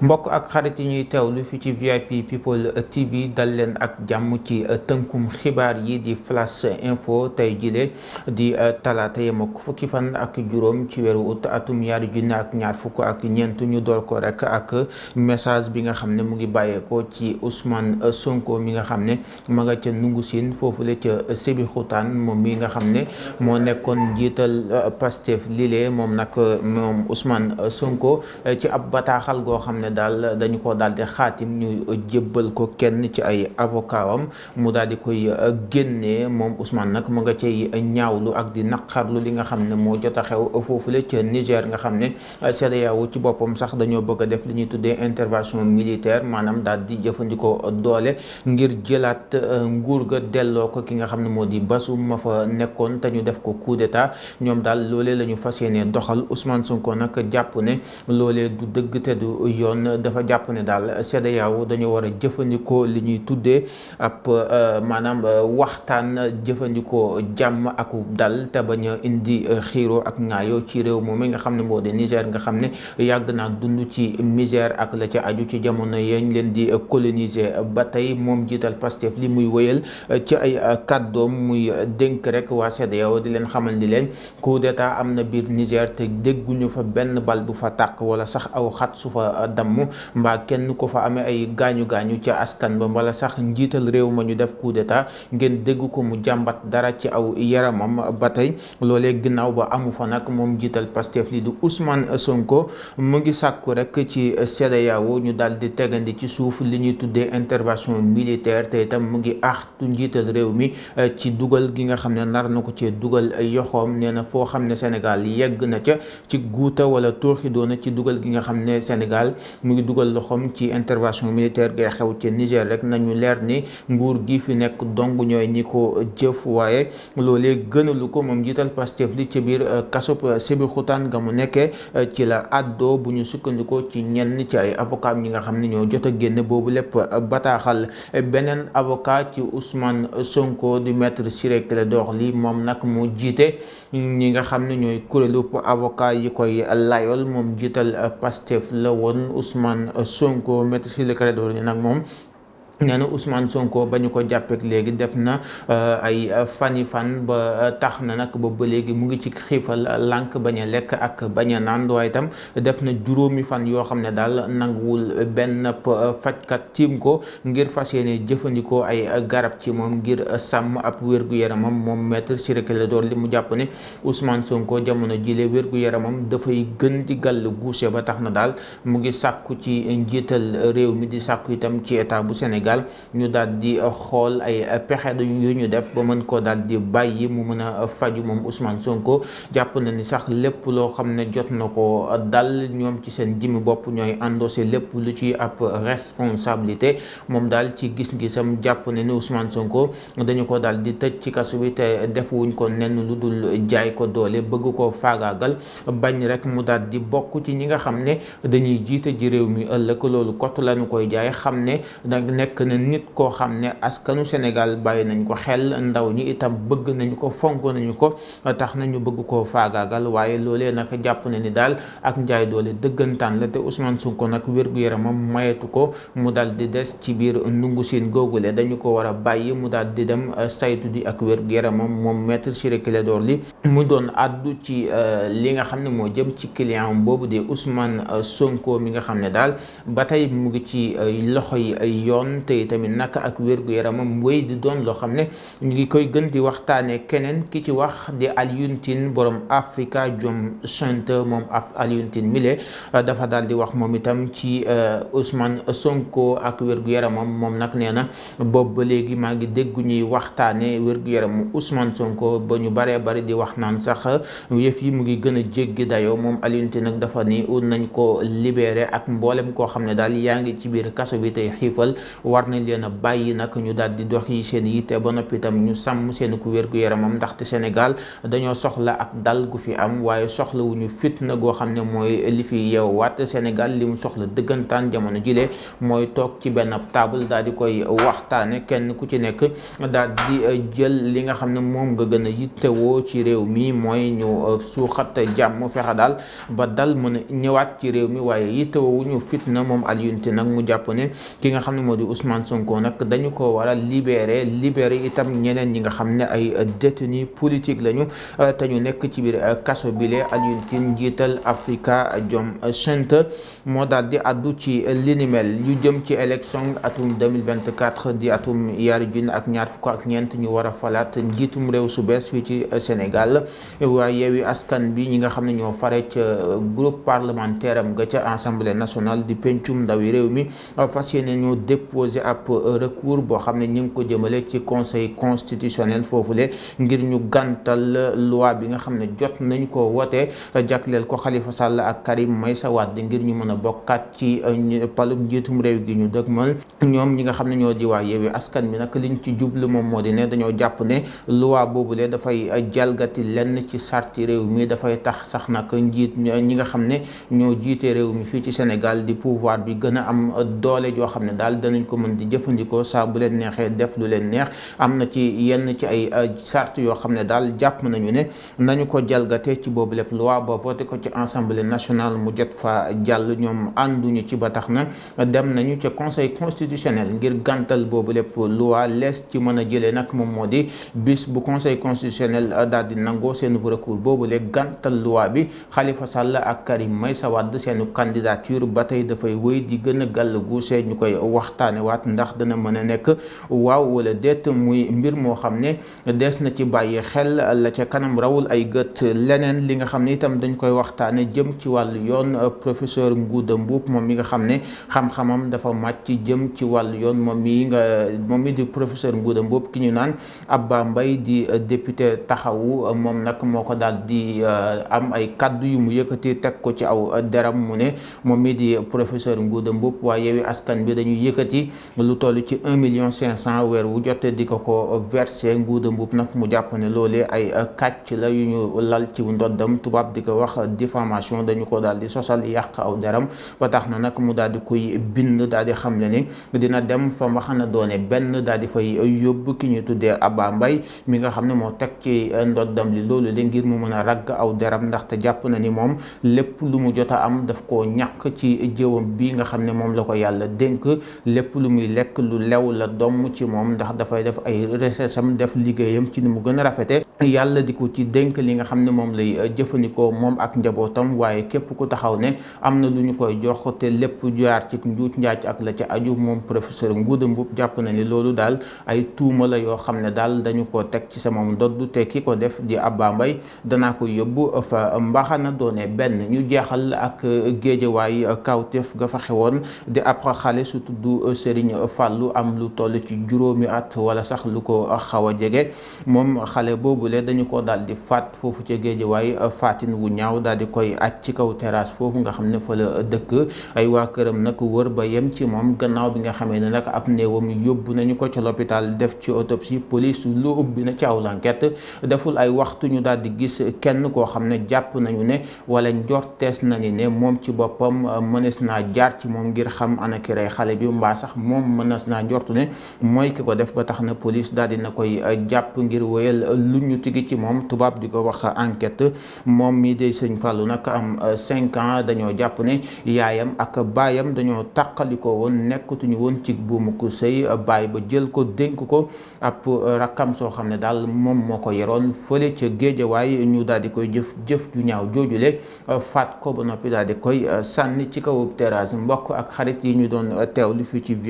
mbokk ak xarit yi ñuy teewlu fi ci VIP People TV dal leen ak jàmm ci euh, tënkum xibaar yi di flash info tey jile di euh, talaata yem ak fukki fan ak juróom ci weeru ut atum ñaari junne ak ñaar fukk ak ñeent ñu door ko rek ak message bi nga xam ne mu ngi bàyyeekoo ci Ousmane euh, Sonko mi nga xam ne ma nga ca nungu siin foofule ca Sébikotane moom mi nga xam ne moo nekkoon njiital Pastef lile moom nag moom Ousmane Sonko ci ab bataaxal goo xam ne ne daal dañu ko daal di xaatim ñu jébbal ko kenn ci ay avocat am mu daal di koy euh, génnee moom Ousmane nag mu nga ci cay ñaawlu ak di xarlu li nga xam ne moo jot a xew foofu foofule ca Niger nga xam ne euh, CEDEAO ci boppam sax dañoo bëgg a def li ñuy tuddee intervention militaire maanaam daal di jëfandikoo doole ngir jëlaat euh, nguur ga delloo ko ki nga xam ne moo di basu ma fa nekkoon te ñu def ko coup d'état ñoom daal loolee la ñu fas yéene doxal Ousmane Sonko nag jàpp kon dafa jàpp ne daal CEDEAO dañoo war a jëfandikoo li ñuy tuddee ab euh, maanaam euh, waxtaan jëfandikoo jàmm ak dal te bañ a indi euh, xiiro ak ŋaayoo ci réew moom mi nga xam ne moo de Niger nga xam ne yàgg naa dund ci misère ak la ci aju ci jamono yee yeñ leen di coloniser ba tey moom jiital Pastef li muy wéyal ci ay kàddoom muy dénk rek waa CEDEAO di leen xamal ni leen coup d'état am na biir Niger te dégguñu fa benn bal bu fa tàkk wala sax aw xat su fa dam mu mbaa kenn ko fa amee ay gaañu-gaañu ca askan ba mbala sax njiital réew ma ñu def coup d'état ngeen dégg ko mu jàmbat dara ci aw yaramam ba tey loolee ginnaaw ba amu fa nag moom njiital Pastef li di Ousmane Sonko mu ngi sàkku rek ci CEDEAO ñu daal di tegandi ci suuf li ñuy tuddee intervention militaire tey itam mu ngi axtu njiital réew mi eh, ci dugal gi nga xam ne nar na ko cee dugal yoxoom nee na foo xam ne Sénégal yegg na ca ci guuta wala tuuxi doona ci dugal gi nga xam ne Sénégal mu ngi dugal loxoom ci intervention militaire gay xew ci Niger rek nañu leer ni nguur gi fi nekk dong ñooy ñi ko jëf waaye loolee gënalu ko moom jiital Pastef li ci biir euh, kasub euh, Sébikotane ga mu nekkee euh, ci la àddoo bu ñu sukkandikoo ci ñenn ci ay avocat ñi nga xam ne ñoo jot a génn boobu lépp bataaxal beneen avocat ci Ousmane Sonko du maître Ciré moom nag mu jiite ñi nga xam ne ñooy kuréelu avocat yi koy layool moom jiital Pastef la woon Usman Sonko, met Sile Karedor Nagmom, nee na Ousmane Sonko ba ñu ko jàppeek léegi def na euh, ay fani fan ba euh, tax na nag ba léegi mu ngi ci xiifal lànk bañ a lekk ak bañ a naan waaye itam def na juróomi fan yoo xam ne daal nanguwul benn euh, fajkat tiim ko ngir fas yéene jëfandikoo ay garab ci moom ngir sàmm ab wér-gu-yaramam moom maître Ciré Clédor li mu jàpp ne Ousmane Sonko jamono jile wér yaramam dafay gën di gàll guuse ba tax na daal mu ngi sàkku ci njiital réew mi di sàkku itam ci état bu Sénégal Sénégal ñu daal di xool ay pexe yu ñu def ba mën koo daal di bàyyi mu mën a faju moom Ousmane Sonko jàpp na ni sax lépp loo xam ne jot na ko dal ñoom ci seen jimi bopp ñooy endossé lépp lu ci ab responsabilité moom daal ci gis-gisam jàpp na ni Ousmane Sonko dañu ko daal di tëj ci kasu bi te defuwuñ ko nenn lu dul jaay ko doole bëgg koo faagaagal bañ rek mu daal di bokk ci ñi nga xam ne dañuy jiite ji réew mi ëllëg loolu kott lañu koy jaay xam ne da nekk nekk na nit koo xam ne askanu Sénégal bàyyi nañ ko xel ndaw ñi itam bëgg nañu ko fonk nañu ko tax nañu bëgg koo faagaagal waaye loolee nag jàpp na ni daal ak njaay doole dëggantaan la te Ousmane Sonko nag wér-gu-yaramam ko mu daal di des ci biir ndungu siin googule dañu ko war a bàyyi mu daal di dem uh, saytu di ak wér-gu-yaramam moom maître Ciré Clédor Ly mu doon addu ci uh, li nga xam ne moo jëm ci client boobu de Ousmane uh, Sonko mi nga xam ne daal ba tey mu ngi ci loxo yi ay yoon yaram te tamit naka ak wér yaramam wéy di doon loo xam ne ñu ngi koy gën di waxtaane keneen ki ci wax di Alioune Tine borom Africa Jom Center moom af Alioune mile euh, dafa daal di wax moom itam ci euh, Ousmane Sonko ak wér-gu-yaramam moom nag nee na boobu ba léegi maa ngi déggu ñuy waxtaane wér-gu-yaramu Sonko ba ñu baree bari di wax naan sax yëf yi mu ngi gën a jéggi dayoo moom Alioune Tine nag dafa ni nañ ko libéré ak mboolem koo xam ne daal yaa ngi ci biir kaso bi tey xiifal war nañ leen a bàyyi nag ñu daal di dox yi seen yitte ba noppi itam ñu sàmm seen ku wér gu yaramam ndaxte Sénégal dañoo soxla ak dal gu fi am waaye soxla wu ñu fitna goo xam ne mooy li fi yeewaat Sénégal li mu soxla dëggantaan jamono jile mooy toog ci benn table daal di koy waxtaane kenn ku ci nekk daal di jël li nga xam ne moom nga gën a yittewoo ci réew mi mooy ñu suuxat jàmm fexe daal ba dal mën ñëwaat ci réew mi waaye yittewoo wu ñu fitna moom Alioune nag mu jàpp ne ki nga xam ne moo di Ousmane Sonko nag dañu ko war a libéré libéré itam ñeneen ñi nga xam ne ay détenus politique lañu euh, te ñu nekk ci biir euh, kaso bile Alioune Tine njiital Africa Jom Center moo dal di addu ci li ni jëm ci élection atum 2024 di atum yaari junni ak ñaar fukk ak ñeent ñu war a falaat njiitum réew su bees fii ci euh, Sénégal waaye yeewi askan bi ñi nga xam ne ñoo fare ca groupe parlementaire am ga ca assemblée nationale di pencum ndawi réew mi fas yéene ñoo déposé déposé un recours boo xam ne ñu ngi ko jëmale ci conseil constitutionnel foofule ngir ñu gàntal loi bi nga xam ne jot nañ ko wote jagleel ko Khalifa Sall ak Karim Meïssa Wade ngir ñu mën a ci palum jitum rew gi ñu dëgmal ñom ñi nga xamné ñoo di waa yewi Askan mi nak liñ ci jublu mom modi ne dañoo jàpp ne loi da fay jalgati lenn ci sarti rew mi fay tax sax nak njit ñi nga xamné ñoo jiite mi fi ci Sénégal di pouvoir bi gëna am doole jo xamné dal daal ko mën di jëfandikoo saa bu leen neexee def lu leen neex am na ci yenn ci ay sart yoo xam ne daal jàpp nañu ne nañu ko jalgatee ci boobu lépp loi ba voté ko ci assemblée nationale mu jot fa jàll ñoom ànduñu ci ba tax na dem nañu ca conseil constitutionnel ngir gantal boobu lépp loi lees ci mën a jëlee nag moom moo di bis bu conseil constitutionnel daal di nangoo seen bu boobu lépp gàntal loi bi Khalifa Sall ak Karim Meïssa Wade seenu candidature waat ndax dana mëna nek nekk waaw wala det muy mbir mo xamne ne des na ci baye xel la ci kanam rawul ay gëtt leneen li nga xamne itam dañ koy waxtaane jëm ci walu yoon professeur Ngouda mbop mom mi nga xamne xam-xamam dafa ci jëm ci walu yoon mom mi nga mom mi di professeur Ngouda mbop ki ñu naan Abba Mbaye di député taxawu mom nak moko dal di am ay kaddu yu mu yëkëti tek ko ci aw deram mu ne mom mi di professeur Ngouda mbop wa yewi Askan bi dañuy yëkëti lu toll ci un million cinq cent weer wu jotee di ko ko versé nguuda mbuub nag mu jàpp ne loolee ay kàcc la yu ñu lal ci ndoddam tubaab di ko wax diffamation dañu ko daal di sosal yàq aw deram ba tax na nag mu daal di koy bind daal di xam ne ni dina dem fa ma xam ne doone benn daal di fay yóbbu ki ñu tuddee Abba mbay mi nga xam ne moo teg ci ndoddam li loolu le ngir mu mën a ragg aw deram ndaxte jàpp na ni moom lépp lu mu jot a am daf ko ñàkk ci jëwam bi nga xam ne moom la ko yàlla dénk muy lek lu lew la dom ci mom ndax da fay def ay recherche def ligeyam ci ni mu gëna rafete yàlla diko ci dénk li nga xamne mom lay jëfëniko mom ak njabotam waye képp ku taxaw ne amna na lu ñu koy jox te lépp jaar ci njut njaaj ak la ci aju mom professeur Ngouda Mboup jàpp na ni lolu dal ay tuuma la yo xamne dal dañu ko tek ci sama mom doddu te kiko def di Abba mbay dana ko yóbbu fa mbaxana doné ben ñu jéxal ak géejewaay kawteef ga fa xewon di ab xale su tuddu Serigne Fallou am lu toll ci juróomi at wala sax lu ko xaw a jege moom xale boobule dañu ko daal di faat foofu ca waaye faatin wu ñaaw daal di koy aj ci kaw teraas foofu nga xam ne fa la dëkk ay waa këram nag wër ba yem ci moom gannaaw bi nga xamee ne nag ab néewam yóbbu nañu ko ca l'hôpital def ci autopsie police lu ubbi na ci aw enquête deful ay waxtu ñu daal di gis kenn koo xam ne jàpp nañu ne wala njortees nañu ne moom ci boppam mënees naa jaar ci moom moom mënees naa njortu ne mooy ki ko def ba tax na police daal dina koy euh, jàpp ngir wéyal lu ñu tigi ci moom tubaab di ko wax enquête moom mii de sëñ Fallou nag am euh, cinq ans dañoo jàpp ne yaayam ak baayam dañoo tàqalikoo woon nekkatuñu woon cig buumu ko sëy baay ba jël ko dénk ko ab rakkam soo xam ne daal moom moo ko yeroon fële ca géejawaay ñu daal di koy jëf jëf ju ñaaw joojule euh, faat ko ba noppi daal di koy sànni ci kaw terrasse mbokk ak xarit yi ñu doon teewlu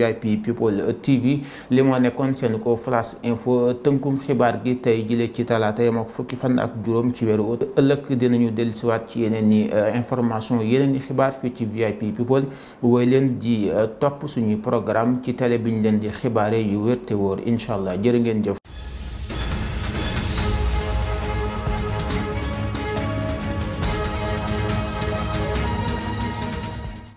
VIP People euh, TV li moo nekkoon seen ko flash info tënkum xibaar gi tey jëlee ci talaata yam ak fukki fan ak juróom ci weeru ut ëllëg dinañu dellusiwaat ci yeneen ni euh, information yeneen ni xibaar fii ci VIP People woy leen di euh, topp suñuy programme ci télé bi ñu leen di xibaare yu wér te wóor incha ngeen jëf